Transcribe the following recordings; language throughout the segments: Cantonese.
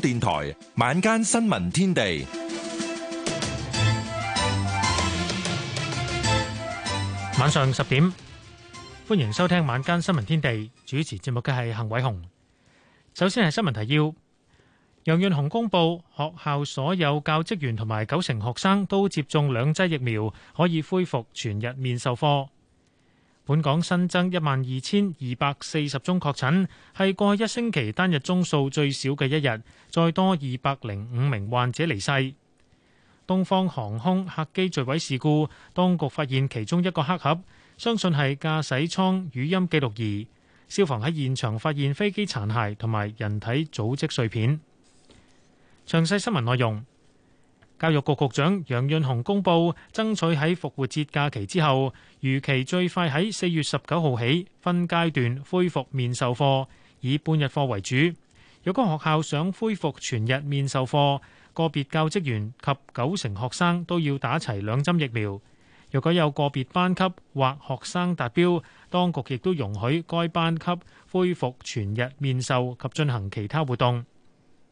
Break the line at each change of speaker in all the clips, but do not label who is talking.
電台晚間新
聞天地，晚上十點，歡迎收聽晚間新聞天地。主持節目嘅係幸偉雄。首先係新聞提要：楊潤雄公布學校所有教職員同埋九成學生都接種兩劑疫苗，可以恢復全日面授課。本港新增一萬二千二百四十宗確診，係過去一星期單日宗數最少嘅一日，再多二百零五名患者離世。東方航空客機墜毀事故，當局發現其中一個黑盒，相信係駕駛艙語音記錄儀，消防喺現場發現飛機殘骸同埋人體組織碎片。詳細新聞內容。教育局局長楊潤雄公布，爭取喺復活節假期之後，預期最快喺四月十九號起，分階段恢復面授課，以半日課為主。若果學校想恢復全日面授課，個別教職員及九成學生都要打齊兩針疫苗。若果有個別班級或學生達標，當局亦都容許該班級恢復全日面授及進行其他活動。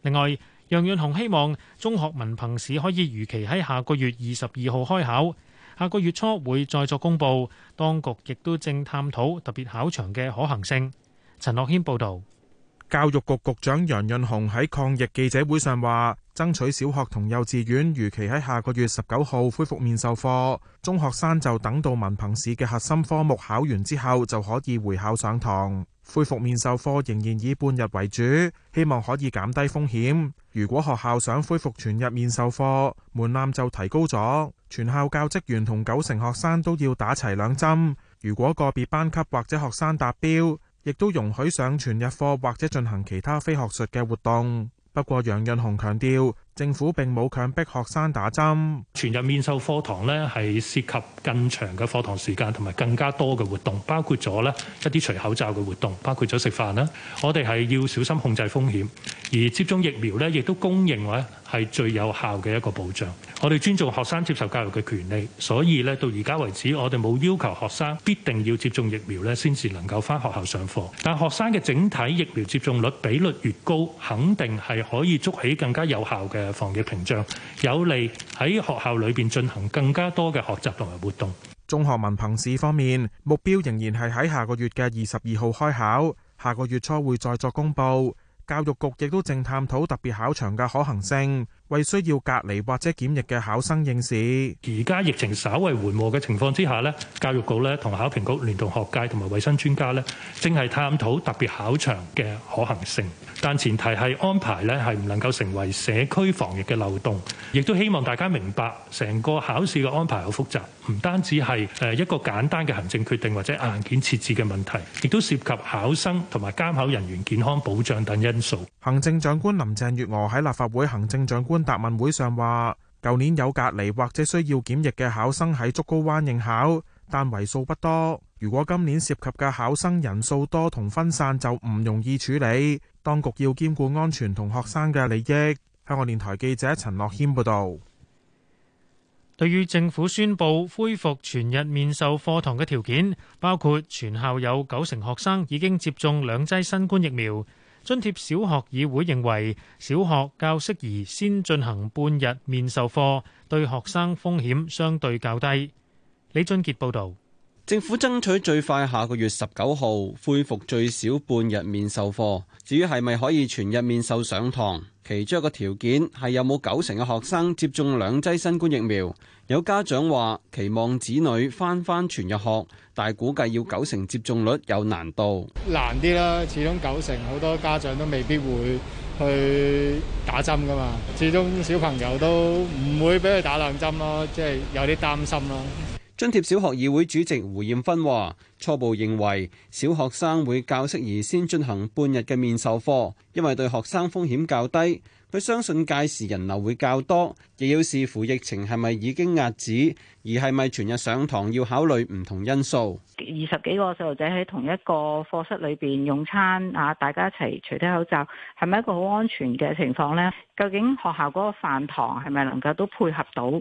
另外，楊潤雄希望中學文憑試可以如期喺下個月二十二號開考，下個月初會再作公布。當局亦都正探討特別考場嘅可行性。陳樂謙
報道，教育局局長楊潤雄喺抗疫記者會上話，爭取小學同幼稚園如期喺下個月十九號恢復面授課，中學生就等到文憑試嘅核心科目考完之後就可以回校上堂。恢復面授課仍然以半日為主，希望可以減低風險。如果學校想恢復全日面授課，門檻就提高咗，全校教職員同九成學生都要打齊兩針。如果個別班級或者學生達標，亦都容許上全日課或者進行其他非學術嘅活動。不過，楊潤雄強調，政府並冇強迫學生打針。
全日面授課堂咧，
係涉及更長
嘅課堂時間同埋更加多嘅活動，包括咗咧一啲除口罩嘅活動，包括咗食飯啦。我哋係要小心控制風險，而接種疫苗咧，亦都公認嘅，係最有效嘅一個保障。我哋尊重學生接受教育嘅權利，所以咧到而家為止，我哋冇要求學生必定要接種疫苗咧，先至能夠返學校上課。但學生嘅整體疫苗接種率比率越高，肯定係可以築起更加有效嘅防
疫屏障，有利喺學校裏邊進行更加多嘅學習同埋活動。中學文憑試方面，目標仍然係喺下個月嘅二十二號開考，下個月初會再作公佈。教育局亦都正探討特別考場嘅可行性，為需要隔離或者檢疫嘅考生應試。而家疫情稍為緩和嘅情況之
下呢，教育局咧同考評局聯同學界同埋衛生專家咧，正係探討特別考場嘅可行性。但前提係安排呢係唔能夠成為社區防疫嘅漏洞。亦都希望大家明白，成個考試嘅安排好複雜，唔單止係誒一個簡單嘅行政決定或者硬件設置嘅問題，亦都涉及考生同埋監
考人員健康保障等因素。行政長官林鄭月娥喺立法會行政長官答問會上話，舊年有隔離或者需要檢疫嘅考生喺竹篙灣應考。但為數不多，如果今年涉及嘅考生人數多同分散，就唔容易處理。當局要兼顧安全同學生嘅利益。香港電台記者陳樂謙報道。
對於政府宣布恢復全日面授課堂嘅條件，包括全校有九成學生已經接種兩劑新冠疫苗，津貼小學議會認為小學較適宜先進行半日面授課，對學生風險相對較低。李俊傑報道，
政府爭取最快下個月十九號恢復最少半日面授課。至於係咪可以全日面授上堂，其中一個條件係有冇九成嘅學生接種兩劑新冠疫苗。有家長話期望子女翻翻全日學，但估計要九成接種率有難度，
難啲啦。始終
九成好多家長都未必會去打針噶嘛。始終小朋友都唔會俾佢打兩針咯，即係有啲擔心咯。
津貼小學議會主席胡艷芬話：初步認為，小學生會較適宜先進行半日嘅面授課，因為對學生風險較低。佢相信屆時人流會較多，亦要視乎疫情係咪已經壓止。而係咪全日上堂要考慮唔同因素？
二十幾個細路仔喺同一個課室裏邊用餐啊，大家一齊除低口罩，係咪一個好安全嘅情況咧？究竟學校嗰個飯堂係咪能夠都配合到呢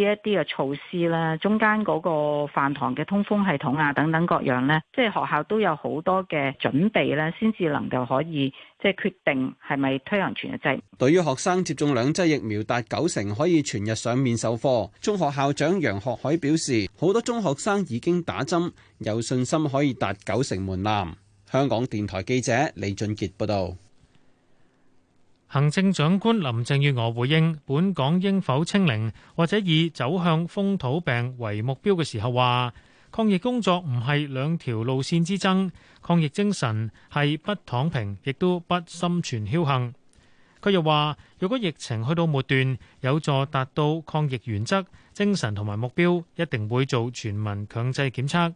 一啲嘅措施咧？中間嗰個飯堂嘅通風系統啊，等等各樣咧，即係學校都有好多嘅準備咧，先至能夠可以即係決定係咪推行全日制。
對於學生接種兩劑疫苗達九成，可以全日上面授課，中學校長楊學海表示，好多中學生已經打針，有信心可以達九成門檻。香港電台記者李俊傑報道。
行政長官林鄭月娥回應本港應否清零，或者以走向風土病為目標嘅時候，話抗疫工作唔係兩條路線之爭，抗疫精神係不躺平，亦都不心存僥倖。佢又話，若果疫情去到末段，有助達到抗疫原則。精神同埋目標一定會做全民強制檢測。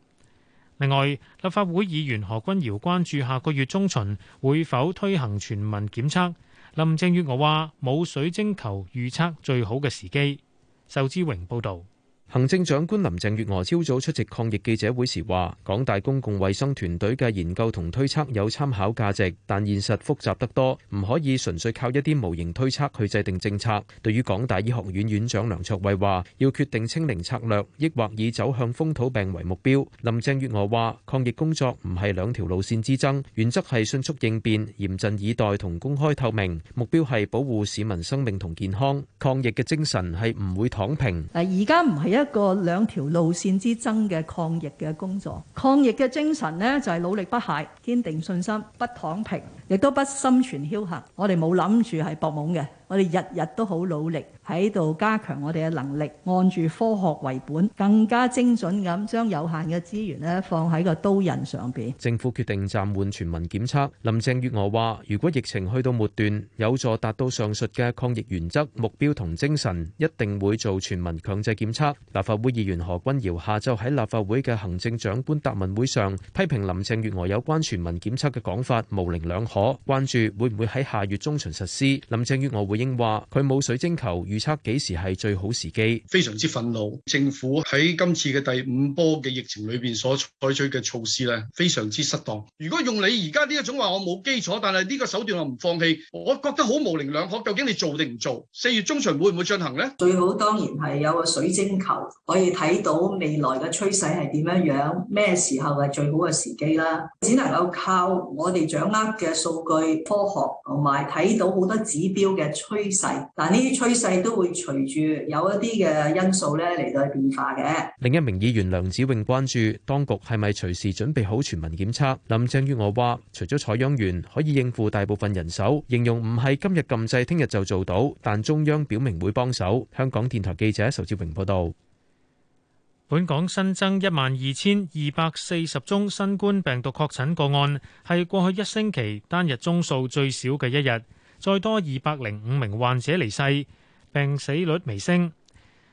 另外，立法會議員何君堯關注下個月中旬會否推行全民檢測。林鄭月娥話冇水晶球預測最好嘅時機。仇之榮報導。
行政長官林鄭月娥朝早出席抗疫記者會時話，港大公共衛生團隊嘅研究同推測有參考價值，但現實複雜得多，唔可以純粹靠一啲模型推測去制定政策。對於港大醫學院院長梁卓偉話，要決定清零策略，抑或以走向風土病為目標。林鄭月娥話，抗疫工作唔係兩條路線之爭，原則係迅速應變、嚴陣以待同公開透明，目標係保護市民生命同健康。抗疫嘅精神係唔會躺平。
嗱，而家唔係一。一個兩條路線之爭嘅抗疫嘅工作，抗疫嘅精神咧就係、是、努力不懈、堅定信心、不躺平，亦都不心存僥倖。我哋冇諗住係博懵嘅，我哋日日都好努力。喺度加強我哋嘅能力，按住科學為本，更加精準咁將有限嘅資源咧放喺個刀刃上邊。
政府決定暫緩全民檢測，林鄭月娥話：如果疫情去到末段，有助達到上述嘅抗疫原則目標同精神，一定會做全民強制檢測。立法會議員何君堯下晝喺立法會嘅行政長官答問會上批評林鄭月娥有關全民檢測嘅講法模棱兩可，關注會唔會喺下月中旬實施。林鄭月娥回應話：佢冇水晶球。預測幾時係最好時機？
非常之憤怒，政府喺今次嘅第五波嘅疫情裏邊所採取嘅措施咧，非常之失當。如果用你而家呢一種話，我冇基礎，但係呢個手段我唔放棄，我覺得好模棱兩可。究竟你做定唔做？四月中旬
會唔會進行咧？最好當然係有個水晶球可以睇到未來嘅趨勢係點樣樣，咩時候係最好嘅時機啦。只能夠靠我哋掌握嘅數據、科學同埋睇到好多指標嘅趨勢。但係呢啲趨
勢。都會隨住有一啲嘅因素咧嚟到去變化
嘅。另一名議員梁子穎關注當局係咪隨時準備好全民檢測？林鄭月娥話，除咗採樣員可以應付大部分人手，形容唔係今日禁制，聽日就做到。但中央表明會幫手。香港電台記者仇志榮報道，本港新增
一萬二千二百四十宗新冠病毒確診個案，係過去一星期單日宗數最少嘅一日，再多二百零五名患者離世。病死率微升，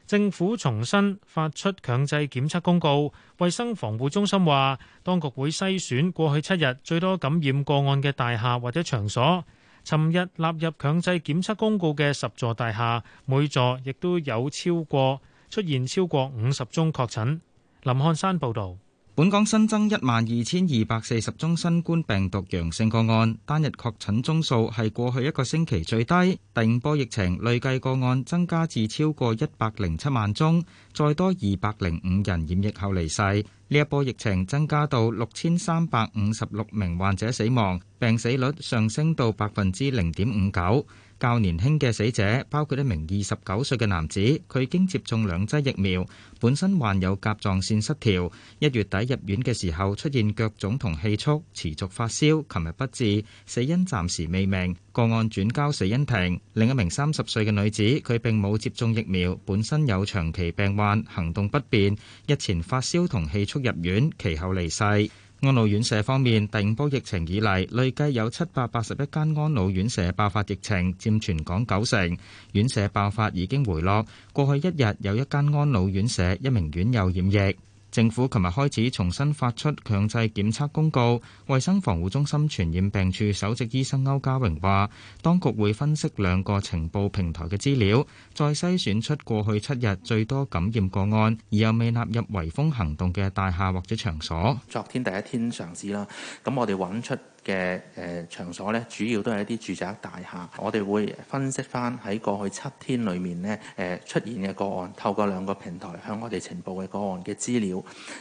政府重新發出強制檢測公告。衛生防護中心話當局會篩選過去七日最多感染個案嘅大廈或者場所。尋日納入強制檢測公告嘅十座大廈，每座亦都有超過，出現超過五十宗確診，林漢山報道。
本港新增一萬二千二百四十宗新冠病毒陽性個案，單日確診宗數係過去一個星期最低。第五波疫情累計個案增加至超過一百零七萬宗，再多二百零五人染疫後離世。呢一波疫情增加到六千三百五十六名患者死亡，病死率上升到百分之零點五九。較年輕嘅死者包括一名二十九歲嘅男子，佢已經接種兩劑疫苗，本身患有甲狀腺失調，一月底入院嘅時候出現腳腫同氣促，持續發燒，琴日不治，死因暫時未明，個案轉交死因庭。另一名三十歲嘅女子，佢並冇接種疫苗，本身有長期病患，行動不便，日前發燒同氣促入院，其後離世。安老院舍方面，第五波疫情以嚟，累計有七百八十一間安老院舍爆發疫情，佔全港九成。院舍爆發已經回落，過去一日有一間安老院舍一名院友染疫。政府琴日開始重新發出強制檢測公告。衞生防護中心傳染病處首席醫生歐家榮話，當局會分析兩個情報平台嘅資料，再篩選出過去七日最多感染個案而又未納入圍封行動嘅大廈或者場所。
昨天第一天嘗試啦，咁我哋揾出嘅誒、呃、場所咧，主要都係一啲住宅大廈。我哋會分析翻喺過去七天裏面咧誒、呃、出現嘅個案，透過兩個平台向我哋情報嘅個案嘅資料，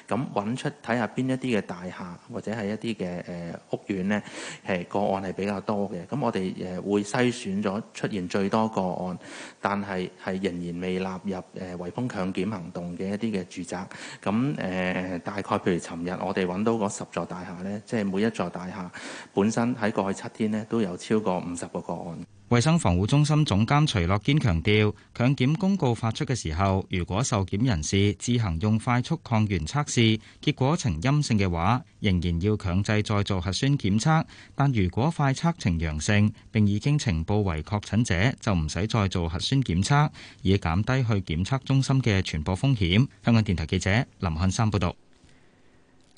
咁、嗯、揾出睇下邊一啲嘅大廈或者係一啲嘅誒屋苑咧，係個案係比較多嘅。咁、嗯、我哋誒會篩選咗出現最多個案，但係係仍然未納入誒圍封強檢行動嘅一啲嘅住宅。咁、嗯、誒、呃、大概譬如尋日我哋揾到嗰十座大廈咧，即係每一座大廈，本身喺過去七天呢都有超過五十個個案。
衛生防護中心總監徐樂堅強調，強檢公告發出嘅時候，如果受檢人士自行用快速抗原測試，結果呈陰性嘅話，仍然要強制再做核酸檢測。但如果快測呈陽性并已經呈報為確診者，就唔使再做核酸檢測，以減低去檢測中心嘅傳播風險。香港電台記者林漢山報道。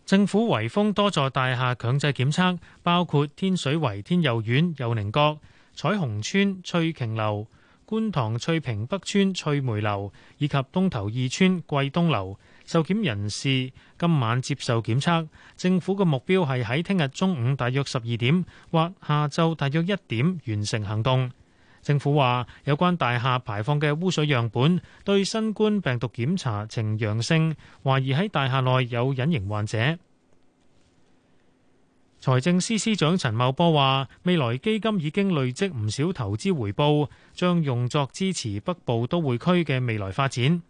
政府圍封多座
大廈強制檢測，
包括天水
圍天佑苑、佑寧閣、彩虹村翠瓊樓、觀塘翠屏北村翠梅樓以及東頭二村貴東樓。受檢人士今晚接受檢測，政府嘅目標係喺聽日中午大約十二點或下晝大約一點完成行動。政府話，有關大廈排放嘅污水樣本對新冠病毒檢查呈陽性，懷疑喺大廈內有隱形患者。財政司司長陳茂波話，未來基金已經累積唔少投資回報，將用作支持北部都會區嘅未來發展。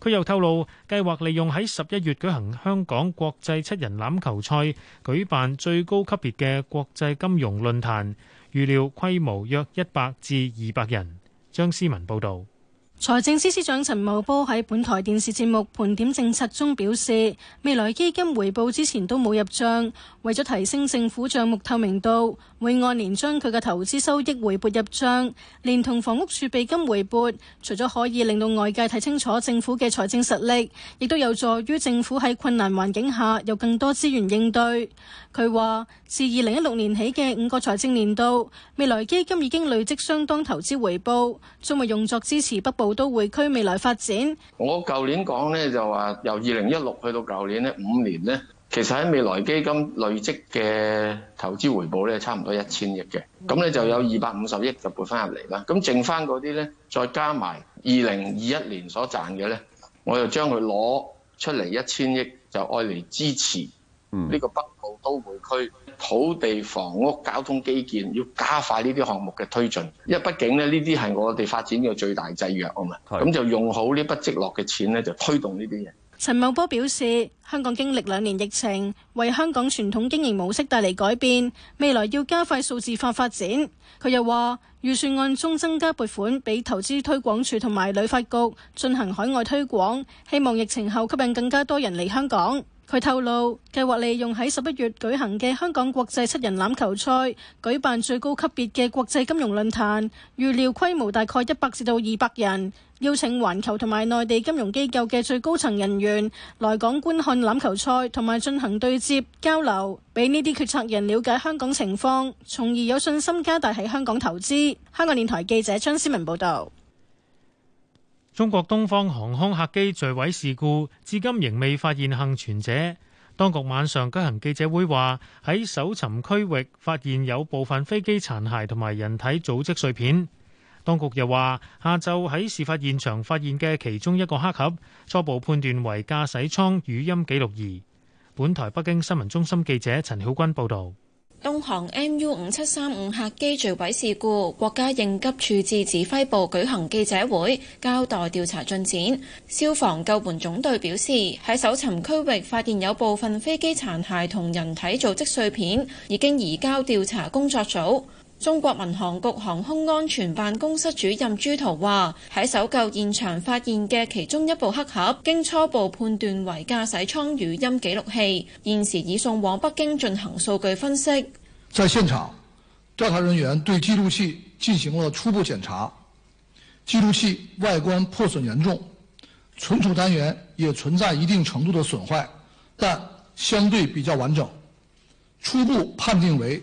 佢又透露，計劃利用喺十一月舉行香港國際七人欖球賽，舉辦最高級別嘅國際金融論壇。預料規模約一百至二百人。張思文報導，
財政司司長陳茂波喺本台電視節目《盤點政策》中表示，未來基金回報之前都冇入帳，為咗提升政府帳目透明度，每按年將佢嘅投資收益回撥入帳，連同房屋儲備金回撥，除咗可以令到外界睇清楚政府嘅財政實力，亦都有助於政府喺困難環境下有更多資源應對。佢話。自二零一六年起嘅五個財政年度，未來基金已經累積相當投資回報，仲未用作支持北部都會區未來發展。
我舊年講咧就話，由二零一六去到舊年呢五年咧，其實喺未來基金累積嘅投資回報咧，差唔多一千億嘅，咁咧就有二百五十億就撥翻入嚟啦。咁剩翻嗰啲咧，再加埋二零二一年所賺嘅咧，我就將佢攞出嚟一千億，就愛嚟支持呢個北部都會區。Mm. 土地、房屋、交通、基建，要加快呢啲項目嘅推進，因為畢竟咧，呢啲係我哋發展嘅最大制約啊嘛。咁是就用好呢筆積落嘅錢咧，就推動呢啲嘢。
陳茂波表示，香港經歷兩年疫情，為香港傳統經營模式帶嚟改變，未來要加快數字化發展。佢又話，預算案中增加撥款俾投資推廣署同埋旅發局進行海外推廣，希望疫情後吸引更加多人嚟香港。佢透露，計劃利用喺十一月舉行嘅香港國際七人欖球賽舉辦最高級別嘅國際金融論壇，預料規模大概一百至到二百人，邀請環球同埋內地金融機構嘅最高層人員來港觀看欖球賽同埋進行對接交流，俾呢啲決策人了解香港情況，從而有信心加大喺香港投資。香港電台記者張思文報道。
中國東方航空客機墜毀事故至今仍未發現倖存者。當局晚上舉行記者會話，喺搜尋區域發現有部分飛機殘骸同埋人體組織碎片。當局又話，下晝喺事發現場發現嘅其中一個黑盒，初步判斷為駕駛艙語音記錄儀。本台北京新聞中心記者陳曉君報道。
東航 MU 五七三五客機墜毀事故，國家應急處置指揮部舉行記者會，交代調查進展。消防救援總隊表示，喺搜尋區域發現有部分飛機殘骸同人體組織碎片，已經移交調查工作組。中國民航局航空安全辦公室主任朱濤話：喺搜救現場發現嘅其中一部黑盒，經初步判斷為駕駛艙語音記錄器，現時已送往北京進行數據分析。在現場，
調查人員對記錄器進行了初步檢查，記錄器外觀破損嚴重，存儲單元也存在一定程度的損壞，但相對比較完整，初步判定為。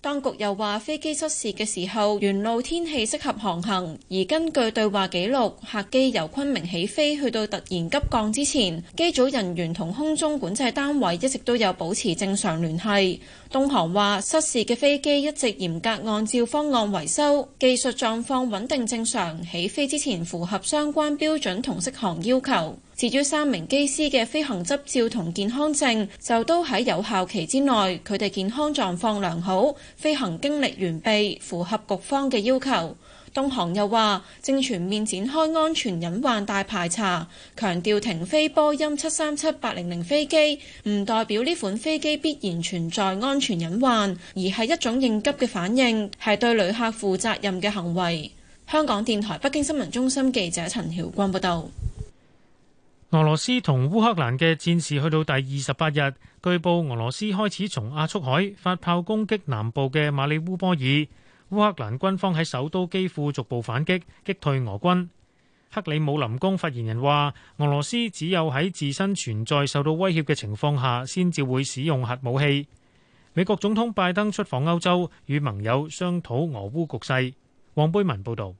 當局又話，飛機失事嘅時候，沿路天氣適合航行。而根據對話記錄，客機由昆明起飛去到突然急降之前，機組人員同空中管制單位一直都有保持正常聯繫。東航話，失事嘅飛機一直嚴格按照方案維修，技術狀況穩定正常，起飛之前符合相關標準同適航要求。至於三名機師嘅飛行執照同健康證就都喺有效期之內，佢哋健康狀況良好，飛行經歷完備，符合局方嘅要求。東航又話正全面展開安全隱患大排查，強調停飛波音七三七八零零飛機唔代表呢款飛機必然存在安全隱患，而係一種應急嘅反應，係對旅客負責任嘅行為。香港電台北京新聞中心記者陳曉光報道。
俄羅斯同烏克蘭嘅戰事去到第二十八日，據報俄羅斯開始從阿速海發炮攻擊南部嘅馬里烏波爾。烏克蘭軍方喺首都基輔逐步反擊，擊退俄軍。克里姆林宮發言人話，俄羅斯只有喺自身存在受到威脅嘅情況下，先至會使用核武器。美國總統拜登出訪歐洲，與盟友商討俄烏局勢。黃貝文報道。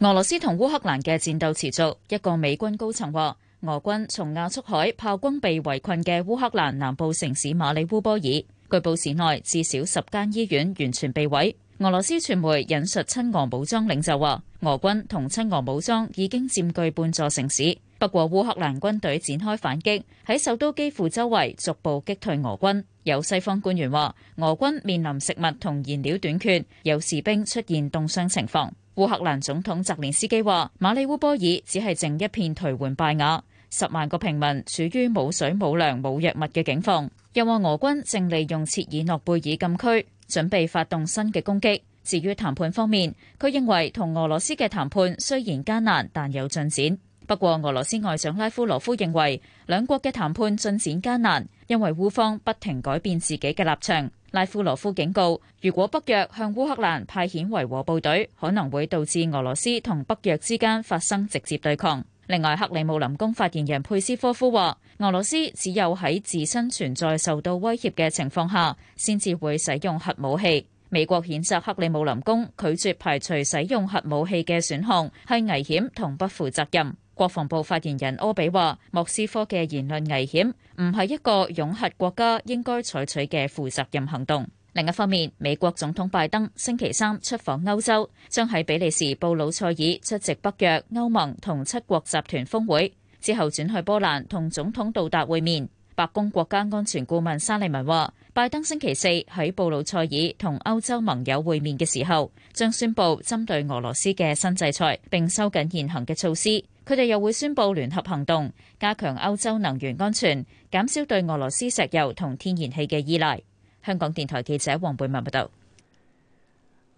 俄羅斯同烏克蘭嘅戰鬥持續。一個美軍高層話。俄軍從亞速海炮轟被圍困嘅烏克蘭南部城市馬里烏波爾，據報市內至少十間醫院完全被毀。俄羅斯傳媒引述親俄武裝領袖話，俄軍同親俄武裝已經佔據半座城市。不過烏克蘭軍隊展開反擊，喺首都基輔周圍逐步擊退俄軍。有西方官員話，俄軍面臨食物同燃料短缺，有士兵出現凍傷情況。烏克蘭總統澤連斯基話，馬里烏波爾只係剩一片頹垣敗瓦。十萬個平民處於冇水、冇糧、冇藥物嘅境況，又話俄軍正利用切爾諾貝爾禁區準備發動新嘅攻擊。至於談判方面，佢認為同俄羅斯嘅談判雖然艱難，但有進展。不過，俄羅斯外長拉夫羅夫認為兩國嘅談判進展艱難，因為烏方不停改變自己嘅立場。拉夫羅夫警告，如果北約向烏克蘭派遣維和部隊，可能會導致俄羅斯同北約之間發生直接對抗。另外，克里姆林宮發言人佩斯科夫話，俄羅斯只有喺自身存在受到威脅嘅情況下，先至會使用核武器。美國譴責克里姆林宮拒絕排除使用核武器嘅選項係危險同不負責任。國防部發言人柯比話，莫斯科嘅言論危險，唔係一個擁核國家應該採取嘅負責任行動。另一方面，美國總統拜登星期三出訪歐洲，將喺比利時布魯塞爾出席北約歐盟同七國集團峰會，之後轉去波蘭同總統到達會面。白宮國家安全顧問沙利文話，拜登星期四喺布魯塞爾同歐洲盟友會面嘅時候，將宣布針對俄羅斯嘅新制裁，並收緊現行嘅措施。佢哋又會宣布聯合行動，加強歐洲能源安全，減少對俄羅斯石油同天然氣嘅依賴。香港電台記者黃貝文報道：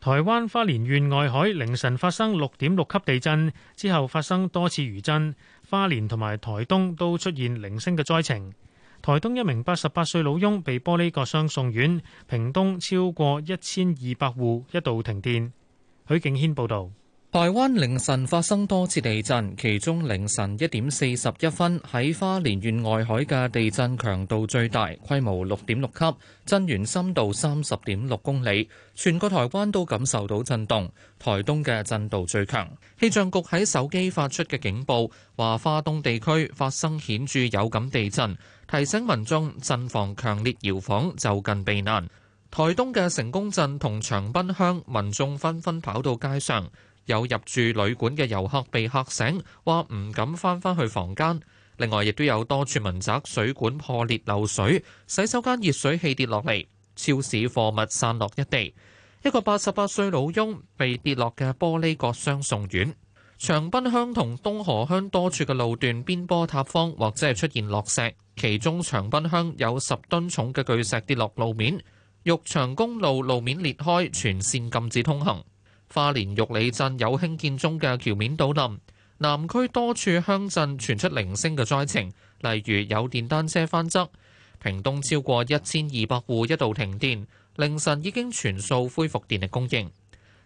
台灣花蓮縣外海凌晨發生六點六級地震之後，發生多次餘震，花蓮同埋台東都出現零星嘅災情。台東一名八十八歲老翁被玻璃割傷送院，屏
東超過一千二百戶一度停電。許景軒報導。台灣凌晨發生多次地震，其中凌晨一點四十一分喺花蓮縣外海嘅地震強度最大，規模六點六級，震源深度三十點六公里，全個台灣都感受到震動，台東嘅震度最強。氣象局喺手機發出嘅警報話，花東地區發生顯著有感地震，提醒民眾慎防強烈搖晃，就近避難。台東嘅成功鎮同長濱鄉民眾紛紛跑到街上。有入住旅館嘅遊客被嚇醒，話唔敢翻返去房間。另外，亦都有多處民宅水管破裂漏水，洗手間熱水器跌落嚟，超市貨物散落一地。一個八十八歲老翁被跌落嘅玻璃割傷送院。長濱鄉同東河鄉多處嘅路段邊坡塌方，或者係出現落石，其中長濱鄉有十噸重嘅巨石跌落路面。玉長公路路面裂開，全線禁止通行。花蓮玉里鎮有興建中嘅橋面倒冧，南區多處鄉鎮傳出零星嘅災情，例如有電單車翻側。屏東超過一千二百戶一度停電，凌晨已經全數恢復電力供應。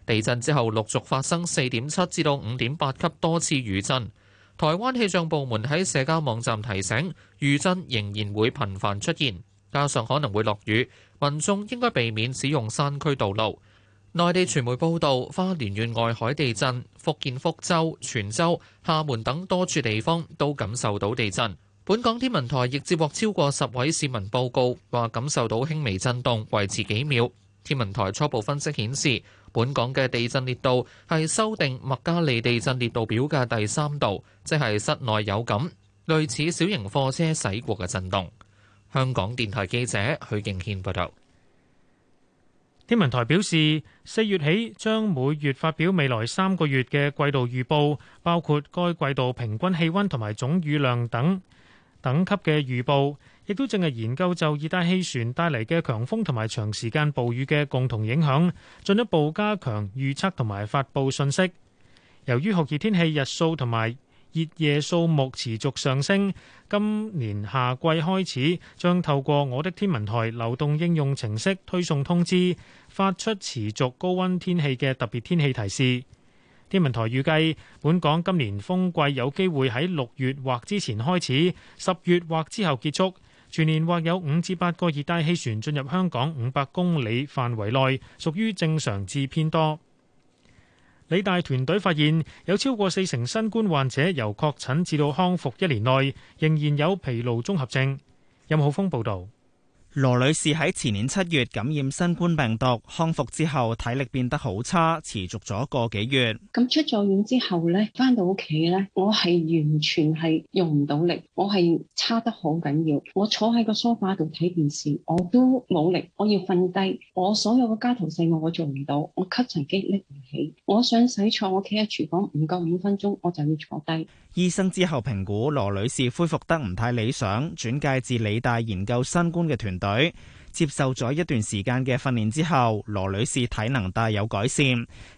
地震之後陸續發生四點七至到五點八級多次餘震。台灣氣象部門喺社交網站提醒，餘震仍然會頻繁出現，加上可能會落雨，民眾應該避免使用山區道路。內地傳媒報道，花蓮縣外海地震，福建福州、泉州、廈門等多處地方都感受到地震。本港天文台亦接獲超過十位市民報告，話感受到輕微震動，維持幾秒。天文台初步分析顯示，本港嘅地震烈度係修訂麥加利地震烈度表嘅第三度，即係室內有感，類似小型貨車駛過嘅震動。香港電台記者許敬軒報道。
天文台表示，四月起將每月發表未來三個月嘅季度預報，包括該季度平均氣溫同埋總雨量等等級嘅預報，亦都正係研究就熱帶氣旋帶嚟嘅強風同埋長時間暴雨嘅共同影響，進一步加強預測同埋發布信息。由於酷熱天氣日數同埋熱夜數目持續上升，今年夏季開始將透過我的天文台流動應用程式推送通知，發出持續高温天氣嘅特別天氣提示。天文台預計本港今年風季有機會喺六月或之前開始，十月或之後結束，全年或有五至八個熱帶氣旋進入香港五百公里範圍內，屬於正常至偏多。理大團隊發現，有超過四成新冠患者由確診至到康復一年內，仍然有疲
勞綜合症。任浩峰報導。羅女士喺前年七月感染新冠病毒康復之後，體力變得好差，持續咗個幾月。
咁出咗院之後呢，返到屋企呢，我係完全係用唔到力，我係差得好緊要。我坐喺個梳化度睇電視，我都冇力，我要瞓低。我所有嘅家頭細務，我做唔到，我吸塵機拎唔起。我想洗菜，我企喺廚房唔夠五分鐘，我就要坐低。
醫生之後評估羅女士恢復得唔太理想，轉介至理大研究新冠嘅團隊。隊接受咗一段時間嘅訓練之後，羅女士體能大有改善。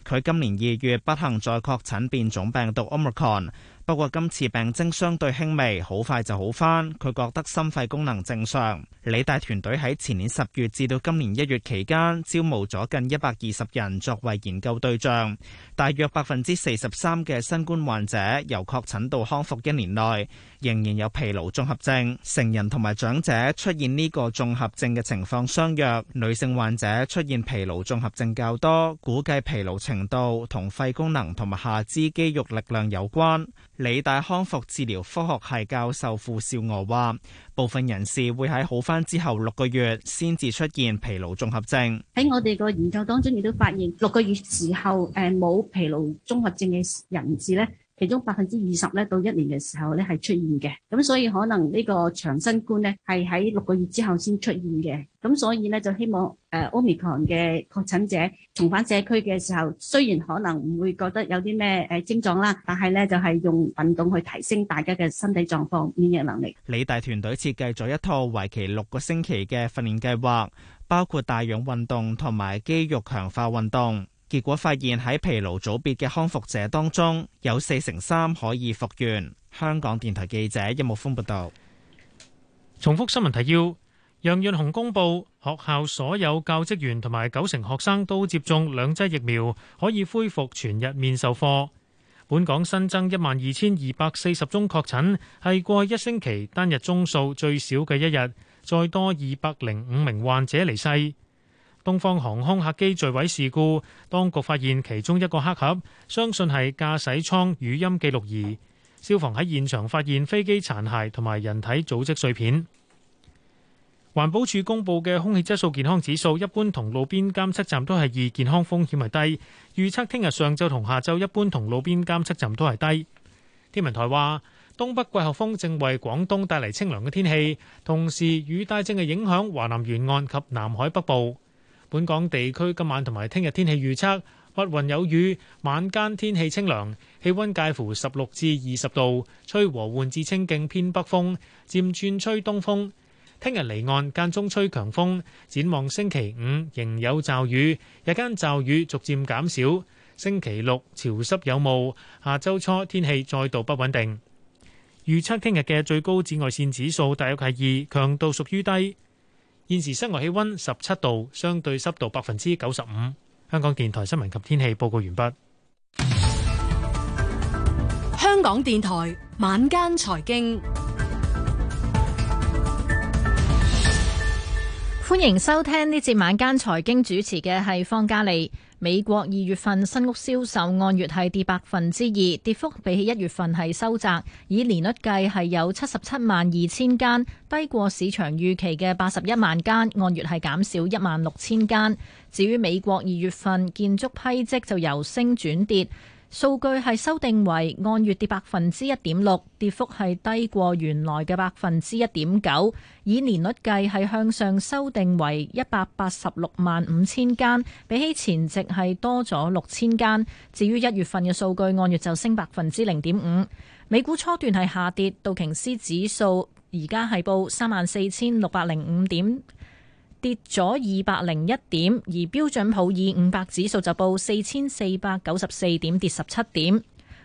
佢今年二月不幸再確診變種病毒 Omicron。不過今次病徵相對輕微，好快就好返。佢覺得心肺功能正常。理大團隊喺前年十月至到今年一月期間招募咗近一百二十人作為研究對象，大約百分之四十三嘅新冠患者由確診到康復一年內仍然有疲勞綜合症。成人同埋長者出現呢個綜合症嘅情況相若，女性患者出現疲勞綜合症較多，估計疲勞程度同肺功能同埋下肢肌肉力量有關。理大康復治療科學系教授傅少娥話，部分人士會喺好返之後六個月先至出現疲勞綜合症。
喺我哋個研究當中，亦都發現六個月之後，誒冇疲勞綜合症嘅人士咧。其中百分之二十咧，到一年嘅時候咧係出現嘅，咁所以可能呢個長新冠呢，係喺六個月之後先出現嘅，咁所以呢，就希望誒奧密克戎嘅確診者重返社區嘅時候，雖然可能唔會覺得有啲咩誒症狀啦，但係呢，就係用運動去提升大家嘅身體狀況、免疫能力。
理大團隊設計咗一套為期六個星期嘅訓練計劃，包括帶氧運動同埋肌肉強化運動。結果發現喺疲勞組別嘅康復者當中有四成三可以復原。香港電台記者一木豐報導。重複新聞提要：楊潤雄公布學校所有教職
員同埋九成學生都接種兩劑疫苗，可以恢復全日面授課。本港新增一萬二千二百四十宗確診，係過去一星期單日宗數最少嘅一日，再多二百零五名患者離世。東方航空客機墜毀事故，當局發現其中一個黑盒，相信係駕駛艙語音記錄儀。消防喺現場發現飛機殘骸同埋人體組織碎片。環保署公布嘅空氣質素健康指數，一般同路邊監測站都係二，健康風險係低。預測聽日上晝同下晝，一般同路邊監測站都係低。天文台話，東北季候風正為廣東帶嚟清涼嘅天氣，同時雨帶正係影響華南沿岸及南海北部。本港地區今晚同埋聽日天氣預測：撥雲有雨，晚間天氣清涼，氣温介乎十六至二十度，吹和緩至清勁偏北風，漸轉吹東風。聽日離岸間中吹強風，展望星期五仍有驟雨，日間驟雨逐漸減少。星期六潮濕有霧，下周初天氣再度不穩定。預測聽日嘅最高紫外線指數大約係二，強度屬於低。現時室外氣溫十七度，相對濕度百分之九十五。香港電台新聞及天氣報告完畢。
香港電台晚間財經，
歡迎收聽呢節晚間財經主持嘅係方嘉莉。美國二月份新屋銷售按月係跌百分之二，跌幅比起一月份係收窄，以年率計係有七十七萬二千間，低過市場預期嘅八十一萬間，按月係減少一萬六千間。至於美國二月份建築批准就由升轉跌。數據係修訂為按月跌百分之一點六，跌幅係低過原來嘅百分之一點九。以年率計係向上修訂為一百八十六萬五千間，比起前值係多咗六千間。至於一月份嘅數據，按月就升百分之零點五。美股初段係下跌，道瓊斯指數而家係報三萬四千六百零五點。跌咗二百零一點，而標準普爾五百指數就報四千四百九十四點，跌十七點。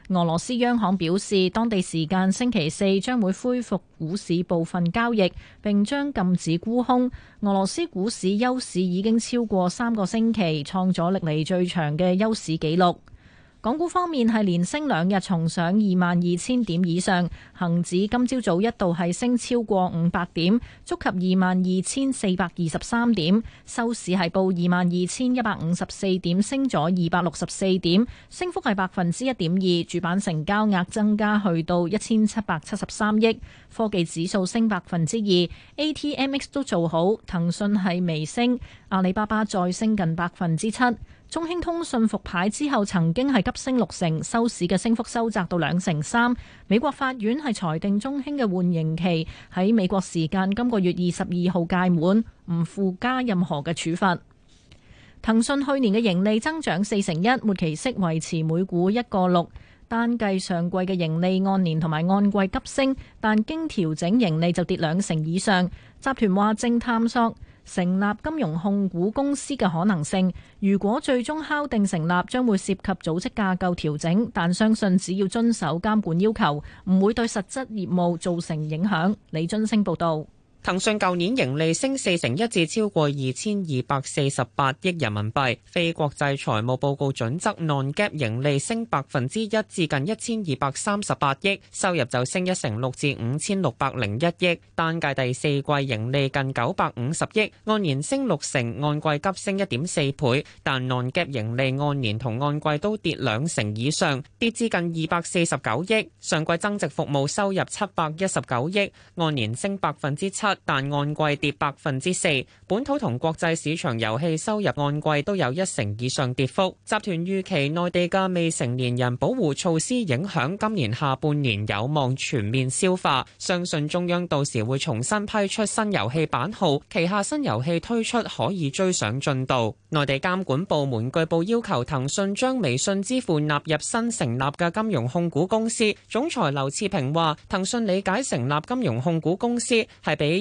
俄羅斯央行表示，當地時間星期四將會恢復股市部分交易，並將禁止沽空。俄羅斯股市休市已經超過三個星期，創咗歷嚟最長嘅休市紀錄。港股方面係連升兩日，重上二萬二千點以上。恒指今朝早一度係升超過五百點，觸及二萬二千四百二十三點。收市係報二萬二千一百五十四點，升咗二百六十四點，升幅係百分之一點二。主板成交額增加去到一千七百七十三億。科技指數升百分之二，ATMX 都做好。騰訊係微升，阿里巴巴再升近百分之七。中興通訊復牌之後，曾經係急升六成，收市嘅升幅收窄到兩成三。美國法院係裁定中興嘅緩刑期喺美國時間今個月二十二號屆滿，唔附加任何嘅處罰。騰訊去年嘅盈利增長四成一，末期息維持每股一個六。單計上季嘅盈利按年同埋按季急升，但經調整盈利就跌兩成以上。集團話正探索成立金融控股公司嘅可能性，如果最終敲定成立，將會涉及組織架構調整，但相信只要遵守監管要求，唔會對實質業務造成影響。李津升報道。
騰訊舊年盈利升四成一，至超過二千二百四十八億人民幣。非國際財務報告準則 Non-GAAP 盈利升百分之一，至近一千二百三十八億。收入就升一成六，至五千六百零一億。單計第四季盈利近九百五十億，按年升六成，按季急升一點四倍。但 Non-GAAP 盈利按年同按季都跌兩成以上，跌至近二百四十九億。上季增值服務收入七百一十九億，按年升百分之七。但按季跌百分之四，本土同國際市場遊戲收入按季都有一成以上跌幅。集團預期內地嘅未成年人保護措施影響今年下半年有望全面消化，相信中央到時會重新批出新遊戲版號，旗下新遊戲推出可以追上進度。內地監管部門據報要求騰訊將微信支付納入新成立嘅金融控股公司，總裁劉熾平話騰訊理解成立金融控股公司係俾。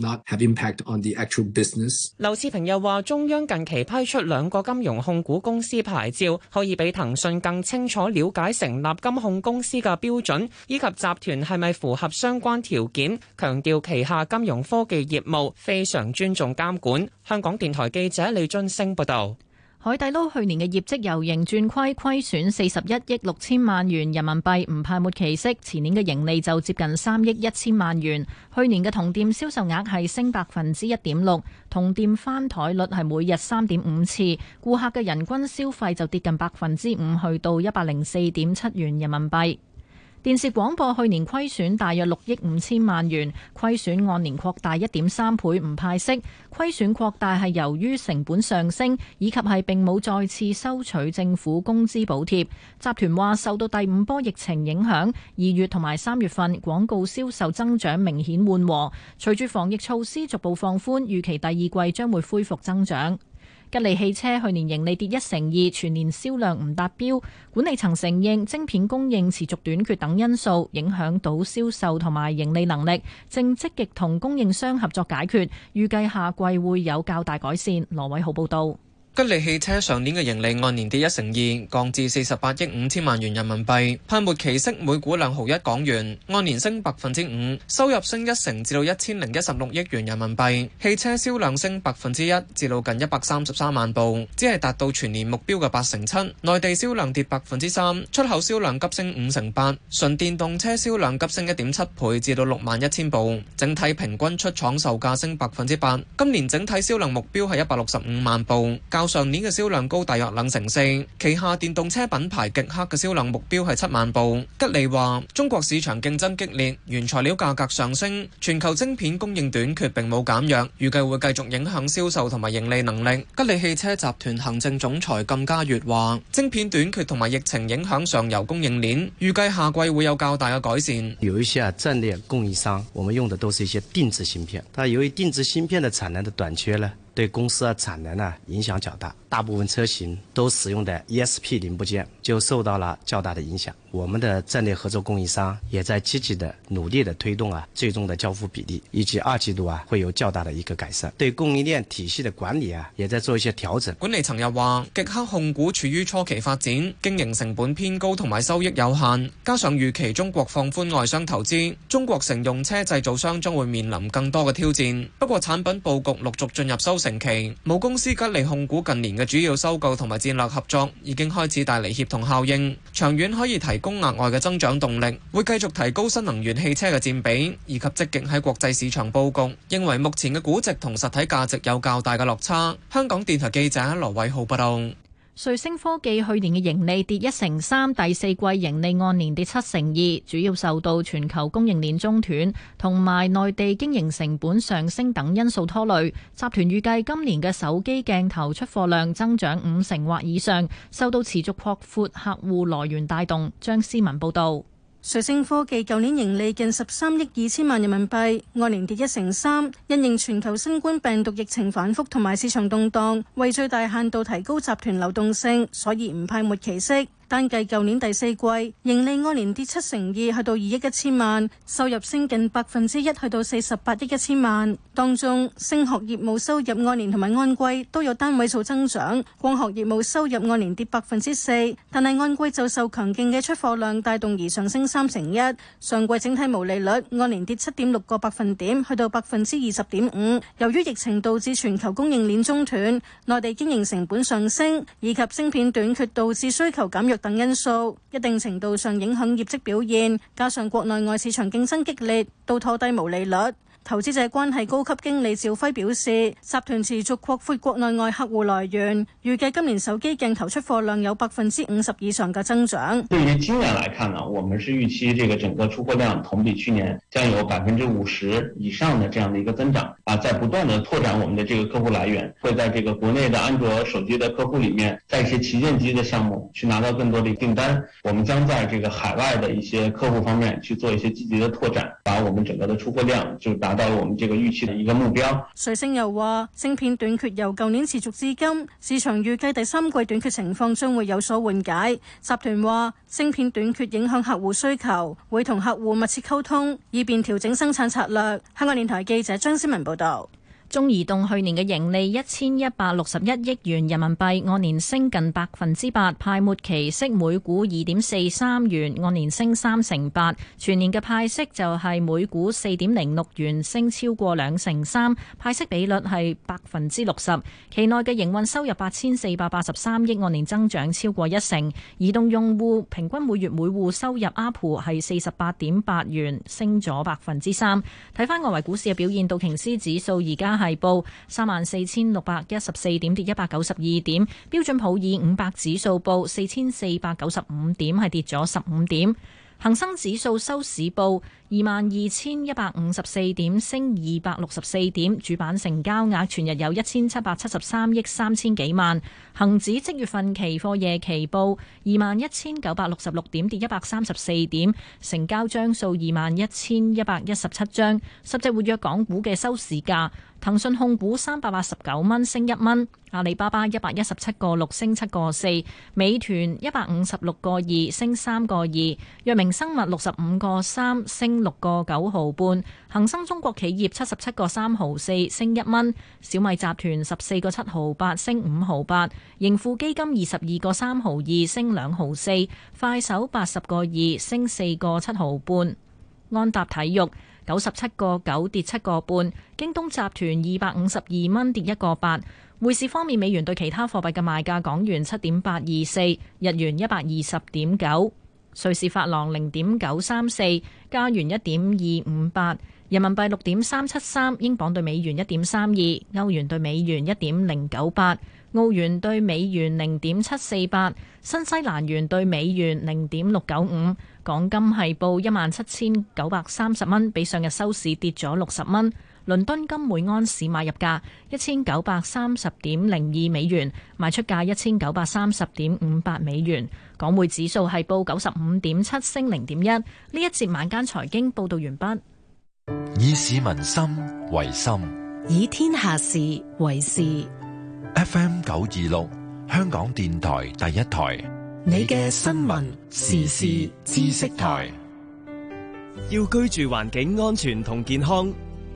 not have impact on the actual business.
劉志平又話，中央近期批出兩個金融控股公司牌照，可以比騰訊更清楚了解成立金控公司嘅標準，以及集團係咪符合相關條件。強調旗下金融科技業務非常尊重監管。香港電台記者李俊升報導。
海底撈去年嘅業績由盈轉虧，虧損四十一億六千萬元人民幣，唔派末期息。前年嘅盈利就接近三億一千萬元。去年嘅同店銷售額係升百分之一點六，同店翻台率係每日三點五次，顧客嘅人均消費就跌近百分之五，去到一百零四點七元人民幣。電視廣播去年虧損大約六億五千萬元，虧損按年擴大一點三倍，唔派息。虧損擴大係由於成本上升，以及係並冇再次收取政府工資補貼。集團話受到第五波疫情影響，二月同埋三月份廣告銷售增長明顯緩和，隨住防疫措施逐步放寬，預期第二季將會恢復增長。吉利汽車去年盈利跌一成二，全年銷量唔達標。管理層承認晶片供應持續短缺等因素影響到銷售同埋盈利能力，正積極同供應商合作解決，預計下季會有較大改善。羅偉豪報道。吉利
汽車上年嘅盈利按年跌一成二，降至四十八億五千萬元人民幣，派末期息每股兩毫一港元，按年升百分之五，收入升一成至到一千零一十六億元人民幣，汽車銷量升百分之一至到近一百三十三萬部，只係達到全年目標嘅八成七，內地銷量跌百分之三，出口銷量急升五成八，純電動車銷量急升一點七倍至到六萬一千部，整體平均出廠售價升百分之八，今年整體銷量目標係一百六十五萬部。較上年嘅銷量高大約兩成四，旗下電動車品牌極氪嘅銷量目標係七萬部。吉利話：中國市場競爭激烈，原材料價格上升，全球晶片供應短缺並冇減弱，預計會繼續影響銷售同埋盈利能力。吉利汽車集團行政總裁甘家悅話：晶片短缺同埋疫情影響上游供應鏈，預計下季會有較大嘅改善。
有一些戰略供應商，我們用的都是一些定製芯片，但由於定製芯片的產能的短缺咧。對公司啊產能啊影響較大，大部分車型都使用的 ESP 零部件就受到了較大的影響。我們的戰略合作供應商也在積極的努力的推動啊，最終的交付比例以及二季度啊會有較大的一個改善。對供應鏈體系的管理啊也在做一些調整。管理層
又話，極客控股處於初期發展，經營成本偏高同埋收益有限，加上預期中國放寬外商投資，中國乘用車製造商將會面臨更多嘅挑戰。不過產品布局陸續進入收。成期，母公司吉利控股近年嘅主要收購同埋戰略合作已經開始帶嚟協同效應，長遠可以提供額外嘅增長動力，會繼續提高新能源汽車嘅佔比，以及積極喺國際市場佈局。認為目前嘅估值同實體價值有較大嘅落差。香港電台記者羅偉浩報道。
瑞聲科技去年嘅盈利跌一成三，第四季盈利按年跌七成二，主要受到全球供應鏈中斷同埋內地經營成本上升等因素拖累。集團預計今年嘅手機鏡頭出貨量增長五成或以上，受到持續擴闊客戶來源帶動。張思文報道。
瑞聲科技舊年盈利近十三億二千萬人民幣，按年跌一成三，因應全球新冠病毒疫情反覆同埋市場動蕩，為最大限度提高集團流動性，所以唔派末期息。單計舊年第四季，盈利按年跌七成二，去到二億一千萬；收入升近百分之一，去到四十八億一千萬。當中，聲學業務收入按年同埋按季都有單位數增長；光學業務收入按年跌百分之四，但係按季就受強勁嘅出貨量帶動而上升三成一。上季整體毛利率按年跌七點六個百分點，去到百分之二十點五。由於疫情導致全球供應鏈中斷，內地經營成本上升，以及芯片短缺導致需求減弱。等因素，一定程度上影響業績表現，加上國內外市場競爭激烈，都拖低毛利率。投資者關係高級經理趙輝表示，集團持續擴闊國內外客戶來源，預計今年手機鏡頭出貨量有百分之五十以上的增長。對於今年
來看呢，我們是預期這個整個出貨量同比去年將有百分之五十以上的這樣的一個增長。啊，在不斷的拓展我們的這個客戶來源，會在這個國內的安卓手機的客戶裏面，在一些旗艦機的項目去拿到更多的訂單。我們將在這個海外的一些客戶方面去做一些積極的拓展，把我們整個的出貨量就達。我們這個預期嘅一個目標
瑞聲又話，晶片短缺由舊年持續至今，市場預計第三季短缺情況將會有所緩解。集團話，晶片短缺影響客戶需求，會同客戶密切溝通，以便調整生產策略。香港電台記者張思文報道。
中移動去年嘅盈利一千一百六十一億元人民幣，按年升近百分之八，派末期息每股二點四三元，按年升三成八，全年嘅派息就係每股四點零六元，升超過兩成三，派息比率係百分之六十。期內嘅營運收入八千四百八十三億，按年增長超過一成。移動用戶平均每月每戶收入阿普係四十八點八元，升咗百分之三。睇返外圍股市嘅表現，道瓊斯指數而家，係報三萬四千六百一十四點，跌一百九十二點。標準普爾五百指數報四千四百九十五點，係跌咗十五點。恒生指數收市報二萬二千一百五十四點，升二百六十四點。主板成交額全日有一千七百七十三億三千幾萬。恒指即月份期貨夜期報二萬一千九百六十六點，跌一百三十四點。成交張數二萬一千一百一十七張。十隻活躍港股嘅收市價：騰訊控股三百八十九蚊，升一蚊；阿里巴巴一百一十七個六，升七個四；美團一百五十六個二，升三個二；藥明生物六十五個三，升六個九毫半，恒生中國企業七十七個三毫四升一蚊，小米集團十四個七毫八升五毫八，盈富基金二十二個三毫二升兩毫四，快手八十個二升四個七毫半，安踏體育九十七個九跌七個半，京東集團二百五十二蚊跌一個八。匯市方面，美元對其他貨幣嘅賣價，港元七點八二四，日元一百二十點九。瑞士法郎零點九三四，加元一點二五八，人民幣六點三七三，英鎊兌美元一點三二，歐元兌美元一點零九八，澳元兌美元零點七四八，新西蘭元兌美元零點六九五，港金係報一萬七千九百三十蚊，比上日收市跌咗六十蚊。倫敦金每安士買入價一千九百三十點零二美元，賣出價一千九百三十點五八美元。港匯指數係報九十五點七，升零點一。呢一節晚間財經報道完畢。
以市民心為心，
以天下事為事。
FM 九二六，
香港電台第一台。
你嘅新聞時事知識
台，要居住環境安全同健康，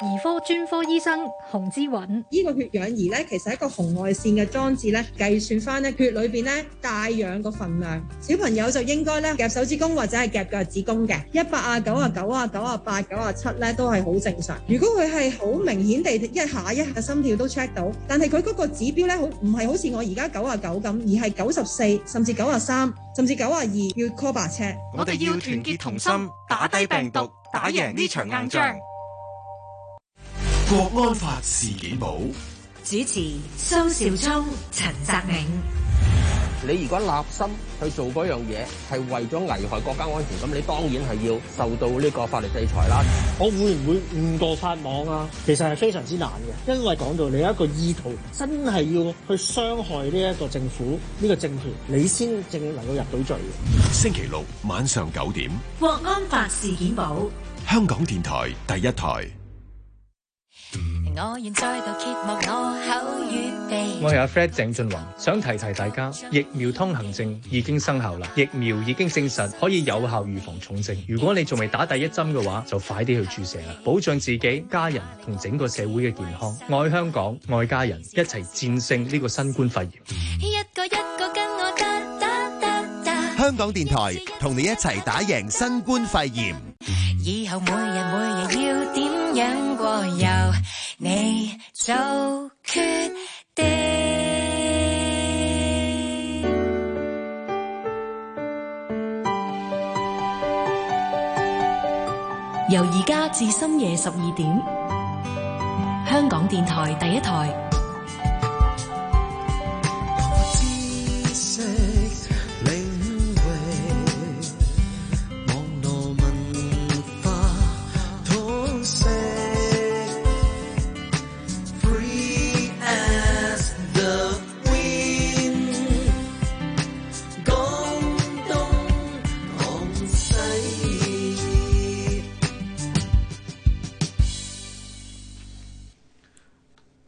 兒科專科醫生洪之韻，呢個血氧儀咧，其實係一個紅外線嘅裝置咧，計算翻咧血裏邊咧帶氧個分量。小朋
友就應該咧夾手指公或者係夾腳趾公嘅，一百啊九啊九啊九啊八九啊七咧都係好正常。如果佢係好明顯地一下一下心跳都 check 到，但係佢嗰個指標咧好唔係好似我99，而家九啊九咁，而係九十四甚至九啊三甚至九啊二要 call 白車。我哋要團結同心，打低病毒，打贏呢場硬仗。硬仗
國安法事件簿，
主持
蘇紹聰、陳澤銘。
你如果立心去做嗰樣嘢，係為咗危害國家安全，咁你當然係要受到呢個法律制裁啦。我會
唔會誤過法網啊？其實係非常之難嘅，因為講到你有一個意圖真
係要去傷害呢一個政府，呢個政權，你先正能夠入到罪。星期六晚上九點，
國安法事件簿，
香港電台第一台。
我現在揭
幕
我口與鼻。我係阿 Fred 鄭俊弘，想提提大家，疫苗通行證已經生效啦，疫苗已經證實可以有效預防重症。如果你仲未打第一針嘅話，就快啲去注射啦，保障自己、家人同整個社會嘅健康。愛香港，愛家人，一齊戰勝呢個新冠肺炎。
一個一個跟我噠噠噠噠。香
港
電台同你一齊打贏新冠肺炎。
以後每日每日要點樣過悠？你就決定，由而家至深夜十二點，香港電台第一台。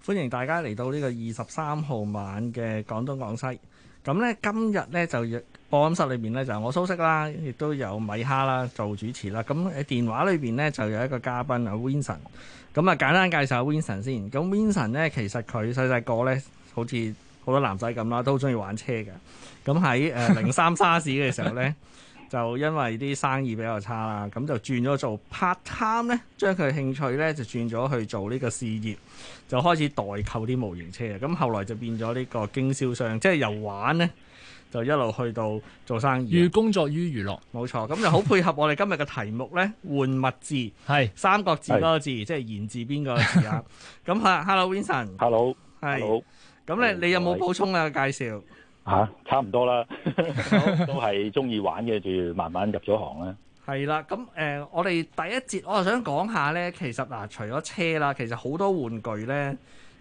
歡迎大家嚟到呢個二十三號晚嘅廣東廣西。咁呢，今日呢，就播音室裏邊呢，就是、我蘇式啦，亦都有米哈啦做主持啦。咁喺電話裏邊呢，就有一個嘉賓阿 Vincent。咁啊簡單介紹下 Vincent 先。咁 Vincent 呢，其實佢細細個呢，好似好多男仔咁啦，都中意玩車嘅。咁喺誒零三沙士嘅時候呢。 就因為啲生意比較差啦，咁就轉咗做 part time 咧，將佢興趣咧就轉咗去做呢個事業，就開始代購啲模型車啊。咁後來就變咗呢個經銷商，即係由玩咧就一路去到做生意。寓工作於娛樂，冇錯。咁就好配合我哋今日嘅題目咧，換 物字係是三國字嗰個字，是即係言字邊個字啊？咁好 h e l l o v i n s t o n h e l l o 係，咁你你有冇補充啊？介紹？吓、啊，差唔多啦，都係中
意玩嘅，就慢慢入咗行咧。
係啦， 咁誒，我哋第一節我係想講下咧，其實嗱，除咗車啦，其實好多玩具咧，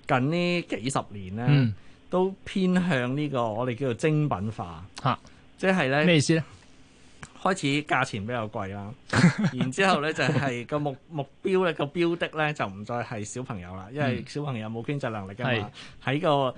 近呢幾十年咧，都偏向呢個我哋叫做精品化吓，即係咧咩意思咧？開始價錢比較貴啦，呢然之後咧就係個目目標
咧個標的咧就唔再係小朋友啦，嗯、因為小朋友冇經濟能力嘅嘛，
喺、嗯、個。